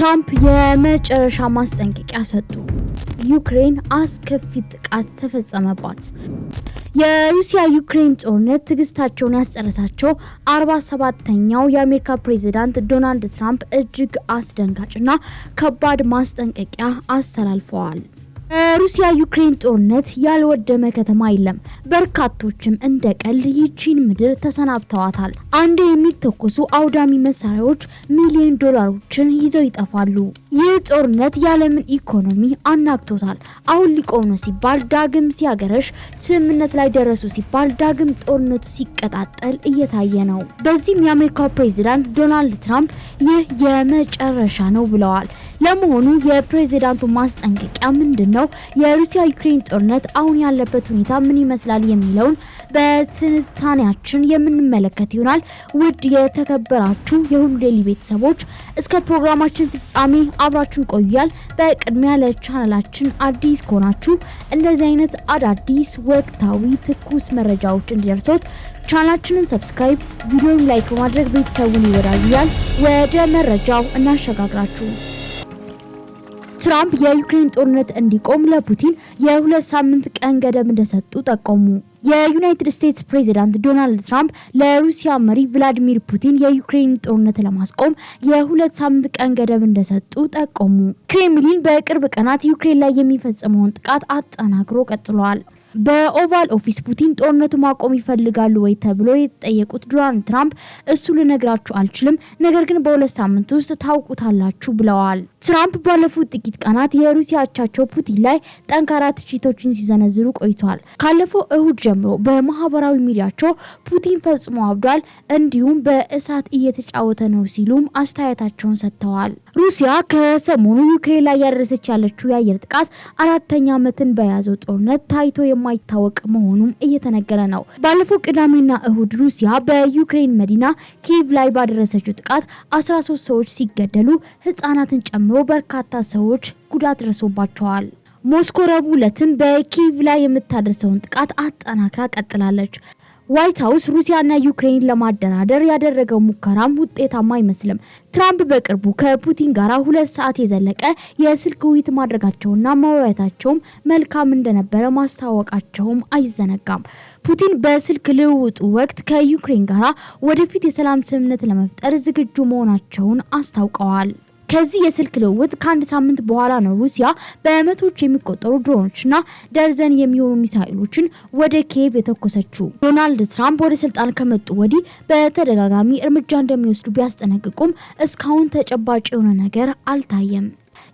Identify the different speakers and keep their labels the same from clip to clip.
Speaker 1: ትራምፕ የመጨረሻ ማስጠንቀቂያ ሰጡ። ዩክሬን አስከፊ ጥቃት ተፈጸመባት። የሩሲያ ዩክሬን ጦርነት ትዕግስታቸውን ያስጨረሳቸው አርባ ሰባተኛው የአሜሪካ ፕሬዚዳንት ዶናልድ ትራምፕ እጅግ አስደንጋጭና ከባድ ማስጠንቀቂያ አስተላልፈዋል። በሩሲያ ዩክሬን ጦርነት ያልወደመ ከተማ የለም። በርካቶችም እንደ ቀልድ ይቺን ምድር ተሰናብተዋታል። አንዴ የሚተኮሱ አውዳሚ መሳሪያዎች ሚሊዮን ዶላሮችን ይዘው ይጠፋሉ። ይህ ጦርነት የዓለምን ኢኮኖሚ አናግቶታል። አሁን ሊቆኑ ሲባል ዳግም ሲያገረሽ፣ ስምምነት ላይ ደረሱ ሲባል ዳግም ጦርነቱ ሲቀጣጠል እየታየ ነው። በዚህም የአሜሪካው ፕሬዚዳንት ዶናልድ ትራምፕ ይህ የመጨረሻ ነው ብለዋል። ለመሆኑ የፕሬዚዳንቱ ማስጠንቀቂያ ምንድን ነው? የሩሲያ ዩክሬን ጦርነት አሁን ያለበት ሁኔታ ምን ይመስላል? የሚለውን በትንታኔያችን የምንመለከት ይሆናል። ውድ የተከበራችሁ የሁሉ ዴይሊ ቤተሰቦች እስከ ፕሮግራማችን ፍጻሜ አብራችሁን ቆያል። በቅድሚያ ለቻናላችን አዲስ ከሆናችሁ እንደዚህ አይነት አዳዲስ ወቅታዊ ትኩስ መረጃዎች እንዲደርሶት ቻናላችንን ሰብስክራይብ፣ ቪዲዮን ላይክ በማድረግ ቤተሰቡን ይወዳል። ወደ መረጃው እናሸጋግራችሁ። ትራምፕ የዩክሬን ጦርነት እንዲቆም ለፑቲን የሁለት ሳምንት ቀን ገደብ እንደሰጡ ጠቆሙ። የዩናይትድ ስቴትስ ፕሬዚዳንት ዶናልድ ትራምፕ ለሩሲያ መሪ ቭላዲሚር ፑቲን የዩክሬን ጦርነት ለማስቆም የሁለት ሳምንት ቀን ገደብ እንደሰጡ ጠቆሙ። ክሬምሊን በቅርብ ቀናት ዩክሬን ላይ የሚፈጽመውን ጥቃት አጠናክሮ ቀጥሏል። በኦቫል ኦፊስ ፑቲን ጦርነቱ ማቆም ይፈልጋሉ ወይ ተብሎ የተጠየቁት ዶናልድ ትራምፕ እሱ ልነግራችሁ አልችልም፣ ነገር ግን በሁለት ሳምንት ውስጥ ታውቁታላችሁ ብለዋል። ትራምፕ ባለፉት ጥቂት ቀናት የሩሲያ አቻቸው ፑቲን ላይ ጠንካራ ትችቶችን ሲዘነዝሩ ቆይተዋል። ካለፈው እሁድ ጀምሮ በማህበራዊ ሚዲያቸው ፑቲን ፈጽሞ አብዷል፣ እንዲሁም በእሳት እየተጫወተ ነው ሲሉም አስተያየታቸውን ሰጥተዋል። ሩሲያ ከሰሞኑ ዩክሬን ላይ ያደረሰች ያለችው የአየር ጥቃት አራተኛ ዓመትን በያዘው ጦርነት ታይቶ የማይታወቅ መሆኑም እየተነገረ ነው። ባለፈው ቅዳሜና እሁድ ሩሲያ በዩክሬን መዲና ኪቭ ላይ ባደረሰችው ጥቃት 13 ሰዎች ሲገደሉ ህጻናትን ጨምሮ በርካታ ሰዎች ጉዳት ደርሶባቸዋል። ሞስኮ ረቡዕ ዕለትም በኪቭ ላይ የምታደርሰውን ጥቃት አጠናክራ ቀጥላለች። ዋይት ሀውስ ሩሲያና ዩክሬን ለማደራደር ያደረገው ሙከራም ውጤታማ አይመስልም። ትራምፕ በቅርቡ ከፑቲን ጋር ሁለት ሰዓት የዘለቀ የስልክ ውይይት ማድረጋቸውና መወያየታቸውም መልካም እንደነበረ ማስታወቃቸውም አይዘነጋም። ፑቲን በስልክ ልውውጡ ወቅት ከዩክሬን ጋር ወደፊት የሰላም ስምምነት ለመፍጠር ዝግጁ መሆናቸውን አስታውቀዋል። ከዚህ የስልክ ልውውጥ ከአንድ ሳምንት በኋላ ነው ሩሲያ በመቶች የሚቆጠሩ ድሮኖችና ደርዘን የሚሆኑ ሚሳኤሎችን ወደ ኪየቭ የተኮሰችው። ዶናልድ ትራምፕ ወደ ስልጣን ከመጡ ወዲህ በተደጋጋሚ እርምጃ እንደሚወስዱ ቢያስጠነቅቁም እስካሁን ተጨባጭ የሆነ ነገር አልታየም።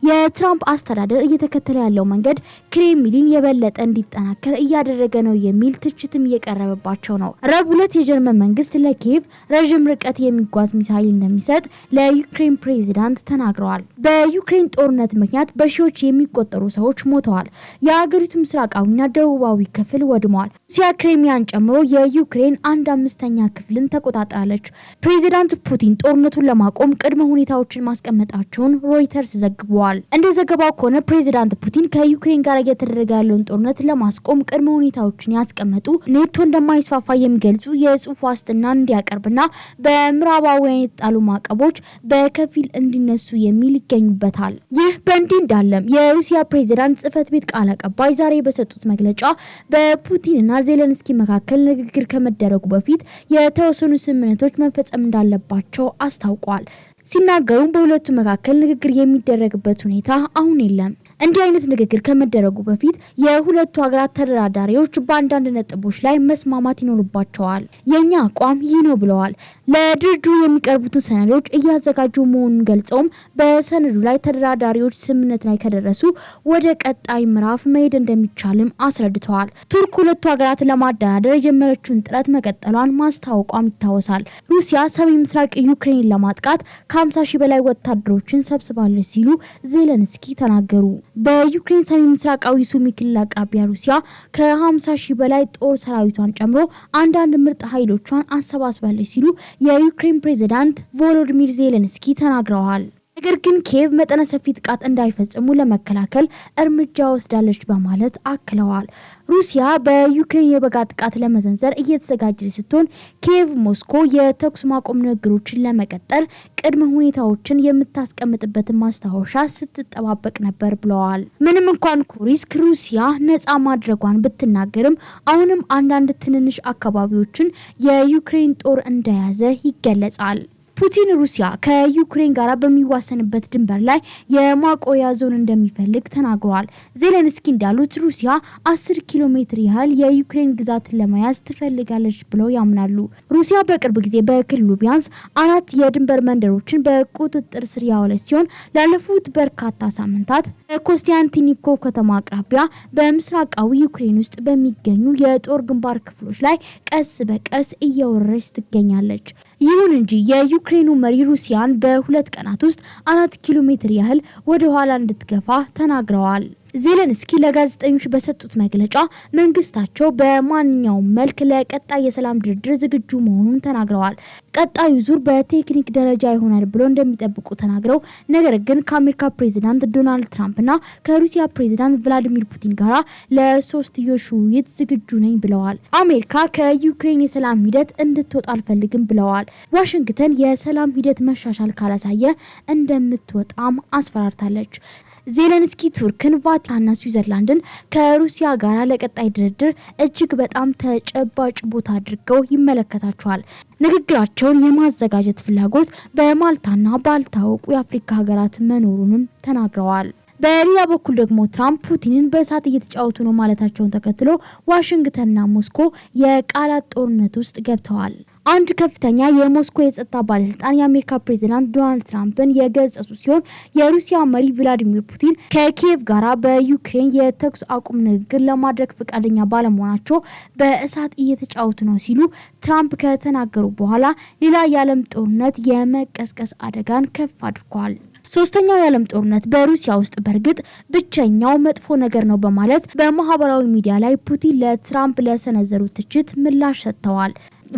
Speaker 1: የትራምፕ አስተዳደር እየተከተለ ያለው መንገድ ክሬምሊን የበለጠ እንዲጠናከር እያደረገ ነው የሚል ትችትም እየቀረበባቸው ነው። ረቡዕ ዕለት የጀርመን መንግስት ለኪየቭ ረዥም ርቀት የሚጓዝ ሚሳይል እንደሚሰጥ ለዩክሬን ፕሬዚዳንት ተናግረዋል። በዩክሬን ጦርነት ምክንያት በሺዎች የሚቆጠሩ ሰዎች ሞተዋል። የአገሪቱ ምስራቃዊና ደቡባዊ ክፍል ወድመዋል። ሩሲያ ክሬሚያን ጨምሮ የዩክሬን አንድ አምስተኛ ክፍልን ተቆጣጥራለች። ፕሬዚዳንት ፑቲን ጦርነቱን ለማቆም ቅድመ ሁኔታዎችን ማስቀመጣቸውን ሮይተርስ ዘግቧል። አሳስበዋል። እንደ ዘገባው ከሆነ ፕሬዚዳንት ፑቲን ከዩክሬን ጋር እየተደረገ ያለውን ጦርነት ለማስቆም ቅድመ ሁኔታዎችን ያስቀመጡ ኔቶ እንደማይስፋፋ የሚገልጹ የጽሁፍ ዋስትና እንዲያቀርብና በምዕራባውያን የተጣሉ ማዕቀቦች በከፊል እንዲነሱ የሚል ይገኙበታል። ይህ በእንዲህ እንዳለም የሩሲያ ፕሬዚዳንት ጽህፈት ቤት ቃል አቀባይ ዛሬ በሰጡት መግለጫ በፑቲንና ዜሌንስኪ መካከል ንግግር ከመደረጉ በፊት የተወሰኑ ስምምነቶች መፈጸም እንዳለባቸው አስታውቋል። ሲናገሩም በሁለቱ መካከል ንግግር የሚደረግበት ሁኔታ አሁን የለም። እንዲህ አይነት ንግግር ከመደረጉ በፊት የሁለቱ ሀገራት ተደራዳሪዎች በአንዳንድ ነጥቦች ላይ መስማማት ይኖርባቸዋል። የእኛ አቋም ይህ ነው ብለዋል። ለድርድሩ የሚቀርቡትን ሰነዶች እያዘጋጁ መሆኑን ገልጸውም በሰነዱ ላይ ተደራዳሪዎች ስምምነት ላይ ከደረሱ ወደ ቀጣይ ምዕራፍ መሄድ እንደሚቻልም አስረድተዋል። ቱርክ ሁለቱ ሀገራት ለማደራደር የጀመረችውን ጥረት መቀጠሏን ማስታወቋም ይታወሳል። ሩሲያ ሰሜን ምስራቅ ዩክሬንን ለማጥቃት ከ50 ሺህ በላይ ወታደሮችን ሰብስባለች ሲሉ ዜሌንስኪ ተናገሩ። በዩክሬን ሰሜን ምስራቃዊ ሱሚ ክልል አቅራቢያ ሩሲያ ከ50 ሺህ በላይ ጦር ሰራዊቷን ጨምሮ አንዳንድ ምርጥ ኃይሎቿን አሰባስባለች ሲሉ የዩክሬን ፕሬዚዳንት ቮሎዲሚር ዜሌንስኪ ተናግረዋል። ነገር ግን ኪየቭ መጠነ ሰፊ ጥቃት እንዳይፈጽሙ ለመከላከል እርምጃ ወስዳለች በማለት አክለዋል። ሩሲያ በዩክሬን የበጋ ጥቃት ለመዘንዘር እየተዘጋጀች ስትሆን ኪየቭ ሞስኮ የተኩስ ማቆም ንግግሮችን ለመቀጠል ቅድመ ሁኔታዎችን የምታስቀምጥበትን ማስታወሻ ስትጠባበቅ ነበር ብለዋል። ምንም እንኳን ኩሪስክ ሩሲያ ነጻ ማድረጓን ብትናገርም አሁንም አንዳንድ ትንንሽ አካባቢዎችን የዩክሬን ጦር እንደያዘ ይገለጻል። ፑቲን ሩሲያ ከዩክሬን ጋር በሚዋሰንበት ድንበር ላይ የማቆያ ዞን እንደሚፈልግ ተናግረዋል። ዜሌንስኪ እንዳሉት ሩሲያ አስር ኪሎ ሜትር ያህል የዩክሬን ግዛትን ለመያዝ ትፈልጋለች ብለው ያምናሉ። ሩሲያ በቅርብ ጊዜ በክልሉ ቢያንስ አራት የድንበር መንደሮችን በቁጥጥር ስር ያዋለች ሲሆን ላለፉት በርካታ ሳምንታት በኮስቲያንቲኒኮ ከተማ አቅራቢያ በምስራቃዊ ዩክሬን ውስጥ በሚገኙ የጦር ግንባር ክፍሎች ላይ ቀስ በቀስ እየወረረች ትገኛለች። ይሁን እንጂ የዩክሬኑ መሪ ሩሲያን በሁለት ቀናት ውስጥ አራት ኪሎ ሜትር ያህል ወደ ኋላ እንድትገፋ ተናግረዋል። ዜለንስኪ ለጋዜጠኞች በሰጡት መግለጫ መንግስታቸው በማንኛውም መልክ ለቀጣይ የሰላም ድርድር ዝግጁ መሆኑን ተናግረዋል። ቀጣዩ ዙር በቴክኒክ ደረጃ ይሆናል ብሎ እንደሚጠብቁ ተናግረው ነገር ግን ከአሜሪካ ፕሬዚዳንት ዶናልድ ትራምፕና ከሩሲያ ፕሬዚዳንት ቭላዲሚር ፑቲን ጋራ ለሶስትዮሽ ውይይት ዝግጁ ነኝ ብለዋል። አሜሪካ ከዩክሬን የሰላም ሂደት እንድትወጣ አልፈልግም ብለዋል። ዋሽንግተን የሰላም ሂደት መሻሻል ካላሳየ እንደምትወጣም አስፈራርታለች። ዜለንስኪ ቱርክን ቫቲ አውሮፓና ስዊዘርላንድን ከሩሲያ ጋር ለቀጣይ ድርድር እጅግ በጣም ተጨባጭ ቦታ አድርገው ይመለከታቸዋል። ንግግራቸውን የማዘጋጀት ፍላጎት በማልታና ባልታወቁ የአፍሪካ ሀገራት መኖሩንም ተናግረዋል። በሌላ በኩል ደግሞ ትራምፕ ፑቲንን በእሳት እየተጫወቱ ነው ማለታቸውን ተከትሎ ዋሽንግተንና ሞስኮ የቃላት ጦርነት ውስጥ ገብተዋል። አንድ ከፍተኛ የሞስኮ የጸጥታ ባለስልጣን የአሜሪካ ፕሬዚዳንት ዶናልድ ትራምፕን የገጸጹ ሲሆን የሩሲያ መሪ ቭላዲሚር ፑቲን ከኪየቭ ጋራ በዩክሬን የተኩስ አቁም ንግግር ለማድረግ ፈቃደኛ ባለመሆናቸው በእሳት እየተጫወቱ ነው ሲሉ ትራምፕ ከተናገሩ በኋላ ሌላ የዓለም ጦርነት የመቀስቀስ አደጋን ከፍ አድርጓል። ሶስተኛው የዓለም ጦርነት በሩሲያ ውስጥ በእርግጥ ብቸኛው መጥፎ ነገር ነው በማለት በማህበራዊ ሚዲያ ላይ ፑቲን ለትራምፕ ለሰነዘሩት ትችት ምላሽ ሰጥተዋል።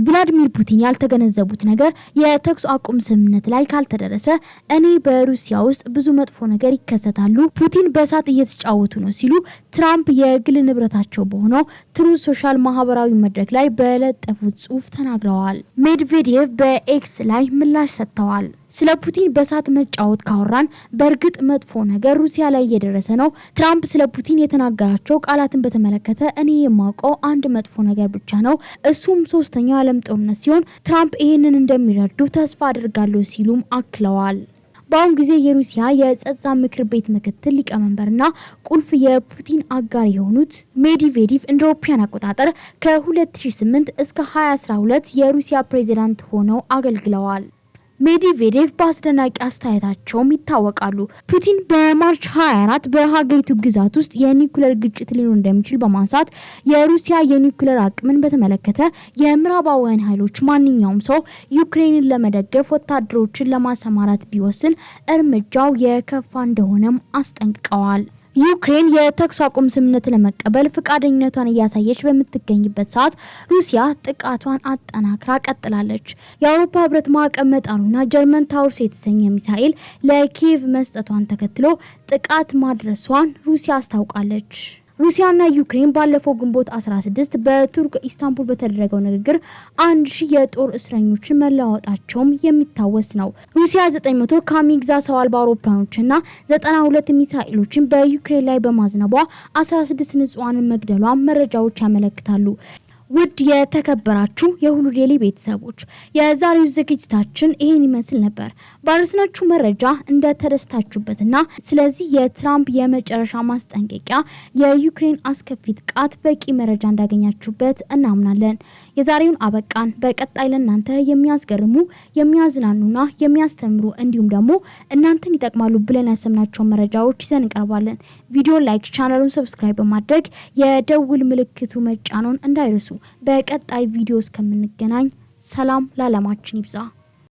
Speaker 1: ቭላዲሚር ፑቲን ያልተገነዘቡት ነገር የተኩስ አቁም ስምምነት ላይ ካልተደረሰ እኔ በሩሲያ ውስጥ ብዙ መጥፎ ነገር ይከሰታሉ፣ ፑቲን በእሳት እየተጫወቱ ነው ሲሉ ትራምፕ የግል ንብረታቸው በሆነው ትሩ ሶሻል ማህበራዊ መድረክ ላይ በለጠፉት ጽሁፍ ተናግረዋል። ሜድቬዴቭ በኤክስ ላይ ምላሽ ሰጥተዋል። ስለ ፑቲን በሳት መጫወት ካወራን በእርግጥ መጥፎ ነገር ሩሲያ ላይ እየደረሰ ነው። ትራምፕ ስለ ፑቲን የተናገራቸው ቃላትን በተመለከተ እኔ የማውቀው አንድ መጥፎ ነገር ብቻ ነው፣ እሱም ሶስተኛው አለም ጦርነት ሲሆን ትራምፕ ይህንን እንደሚረዱ ተስፋ አድርጋለሁ ሲሉም አክለዋል። በአሁን ጊዜ የሩሲያ የጸጥታ ምክር ቤት ምክትል ሊቀመንበርና ቁልፍ የፑቲን አጋር የሆኑት ሜዲቬዲቭ እንደ አውሮፓውያን አቆጣጠር ከ2008 እስከ 2012 የሩሲያ ፕሬዚዳንት ሆነው አገልግለዋል። ሜዲቬዴቭ በአስደናቂ አስተያየታቸውም ይታወቃሉ። ፑቲን በማርች 24 በሀገሪቱ ግዛት ውስጥ የኒኩለር ግጭት ሊኖር እንደሚችል በማንሳት የሩሲያ የኒኩለር አቅምን በተመለከተ የምዕራባውያን ኃይሎች ማንኛውም ሰው ዩክሬንን ለመደገፍ ወታደሮችን ለማሰማራት ቢወስን እርምጃው የከፋ እንደሆነም አስጠንቅቀዋል። ዩክሬን የተኩስ አቁም ስምምነት ለመቀበል ፈቃደኝነቷን እያሳየች በምትገኝበት ሰዓት ሩሲያ ጥቃቷን አጠናክራ ቀጥላለች። የአውሮፓ ህብረት ማዕቀብ መጣሉና ጀርመን ታውርስ የተሰኘ ሚሳኤል ለኪየቭ መስጠቷን ተከትሎ ጥቃት ማድረሷን ሩሲያ አስታውቃለች። ሩሲያና ዩክሬን ባለፈው ግንቦት 16 በቱርክ ኢስታንቡል በተደረገው ንግግር አንድ ሺህ የጦር እስረኞችን መለዋወጣቸውም የሚታወስ ነው። ሩሲያ 900 ካሚግዛ ሰው አልባ አውሮፕላኖችና 92 ሚሳኤሎችን በዩክሬን ላይ በማዝነቧ 16 ንጹሐንን መግደሏ መረጃዎች ያመለክታሉ። ውድ የተከበራችሁ የሁሉ ዴይሊ ቤተሰቦች የዛሬው ዝግጅታችን ይህን ይመስል ነበር። ባረስናችሁ መረጃ እንደተደስታችሁበትና ስለዚህ የትራምፕ የመጨረሻ ማስጠንቀቂያ የዩክሬን አስከፊ ጥቃት በቂ መረጃ እንዳገኛችሁበት እናምናለን። የዛሬውን አበቃን። በቀጣይ ለእናንተ የሚያስገርሙ የሚያዝናኑና የሚያስተምሩ እንዲሁም ደግሞ እናንተን ይጠቅማሉ ብለን ያሰብናቸውን መረጃዎች ይዘን እንቀርባለን። ቪዲዮ ላይክ፣ ቻናሉን ሰብስክራይብ በማድረግ የደውል ምልክቱ መጫኖን እንዳይርሱ። በቀጣይ ቪዲዮ እስከምንገናኝ ሰላም ለዓለማችን ይብዛ።